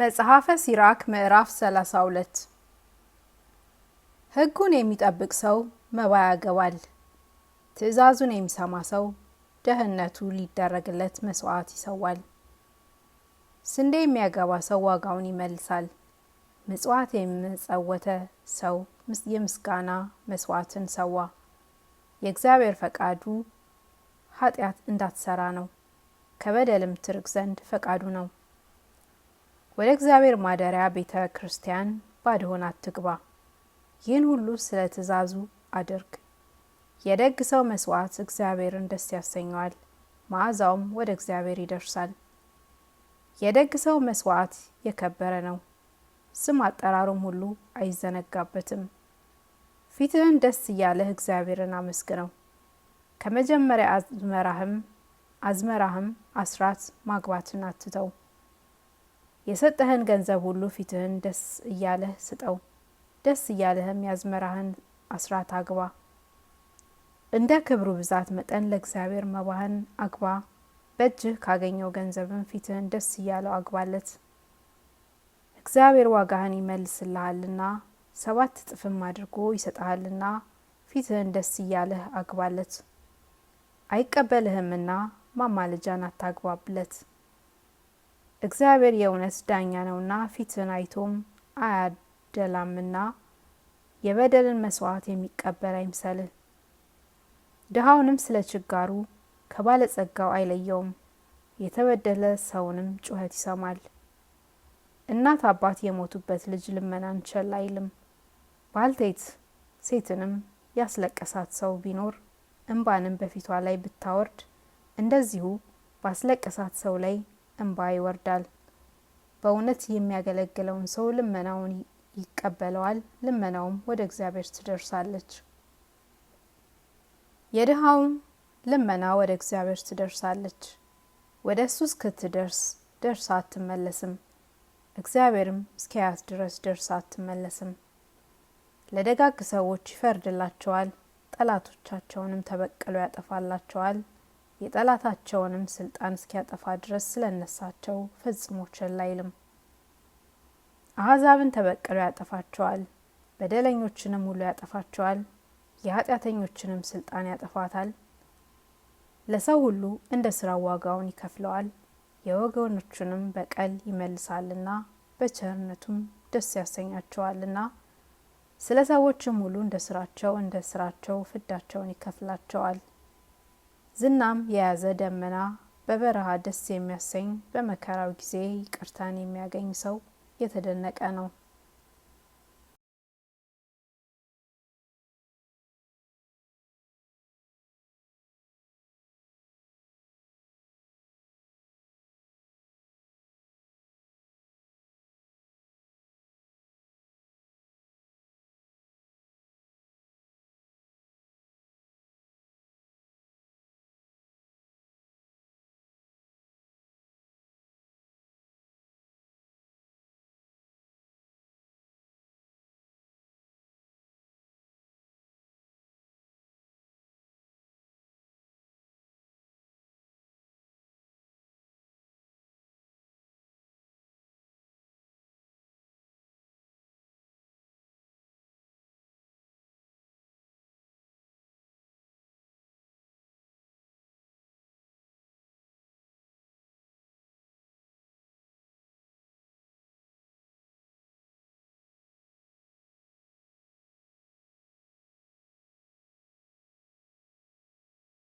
መጽሐፈ ሲራክ ምዕራፍ 32 ሕጉን የሚጠብቅ ሰው መባ ያገባል፣ ትእዛዙን የሚሰማ ሰው ደህንነቱ ሊደረግለት መስዋዕት ይሰዋል። ስንዴ የሚያገባ ሰው ዋጋውን ይመልሳል፣ ምጽዋት የሚጸወተ ሰው የምስጋና መስዋዕትን ሰዋ። የእግዚአብሔር ፈቃዱ ኃጢአት እንዳትሰራ ነው፣ ከበደልም ትርቅ ዘንድ ፈቃዱ ነው። ወደ እግዚአብሔር ማደሪያ ቤተ ክርስቲያን ባድሆን አትግባ። ይህን ሁሉ ስለ ትእዛዙ አድርግ። የደግ ሰው መስዋዕት እግዚአብሔርን ደስ ያሰኘዋል፣ መዓዛውም ወደ እግዚአብሔር ይደርሳል። የደግ ሰው መስዋዕት የከበረ ነው፣ ስም አጠራሩም ሁሉ አይዘነጋበትም። ፊትህን ደስ እያለህ እግዚአብሔርን አመስግነው። ከመጀመሪያ አዝመራህም አዝመራህም አስራት ማግባትን አትተው። የሰጠህን ገንዘብ ሁሉ ፊትህን ደስ እያለህ ስጠው፣ ደስ እያለህም ያዝመራህን አስራት አግባ። እንደ ክብሩ ብዛት መጠን ለእግዚአብሔር መባህን አግባ። በእጅህ ካገኘው ገንዘብን ፊትህን ደስ እያለው አግባለት። እግዚአብሔር ዋጋህን ይመልስልሃልና ሰባት እጥፍም አድርጎ ይሰጠሃልና ፊትህን ደስ እያለህ አግባለት። አይቀበልህምና ማማለጃን አታግባብለት። እግዚአብሔር የእውነት ዳኛ ነውና ፊትን አይቶም አያደላምና የበደልን መስዋዕት የሚቀበል አይምሰልህ። ድሃውንም ስለ ችጋሩ ከባለጸጋው አይለየውም። የተበደለ ሰውንም ጩኸት ይሰማል። እናት አባት የሞቱበት ልጅ ልመናን ቸል አይልም። ባልቴት ሴትንም ያስለቀሳት ሰው ቢኖር እንባንም በፊቷ ላይ ብታወርድ እንደዚሁ ባስለቀሳት ሰው ላይ እንባ ይወርዳል። በእውነት የሚያገለግለውን ሰው ልመናውን ይቀበለዋል፣ ልመናውም ወደ እግዚአብሔር ትደርሳለች። የድሃውም ልመና ወደ እግዚአብሔር ትደርሳለች። ወደ እሱ እስክትደርስ ደርሳ አትመለስም፣ እግዚአብሔርም እስኪያያት ድረስ ደርሳ አትመለስም። ለደጋግ ሰዎች ይፈርድላቸዋል፣ ጠላቶቻቸውንም ተበቅሎ ያጠፋላቸዋል። የጠላታቸውንም ስልጣን እስኪያጠፋ ድረስ ስለነሳቸው ፈጽሞ ላይልም። አይልም። አሕዛብን ተበቅሎ ያጠፋቸዋል፣ በደለኞችንም ሁሉ ያጠፋቸዋል፣ የኃጢአተኞችንም ስልጣን ያጠፋታል። ለሰው ሁሉ እንደ ስራው ዋጋውን ይከፍለዋል፣ የወገኖቹንም በቀል ይመልሳልና በቸርነቱም ደስ ያሰኛቸዋልና ስለ ሰዎችም ሁሉ እንደ ስራቸው እንደ ስራቸው ፍዳቸውን ይከፍላቸዋል። ዝናም የያዘ ደመና በበረሃ ደስ የሚያሰኝ በመከራው ጊዜ ይቅርታን የሚያገኝ ሰው የተደነቀ ነው።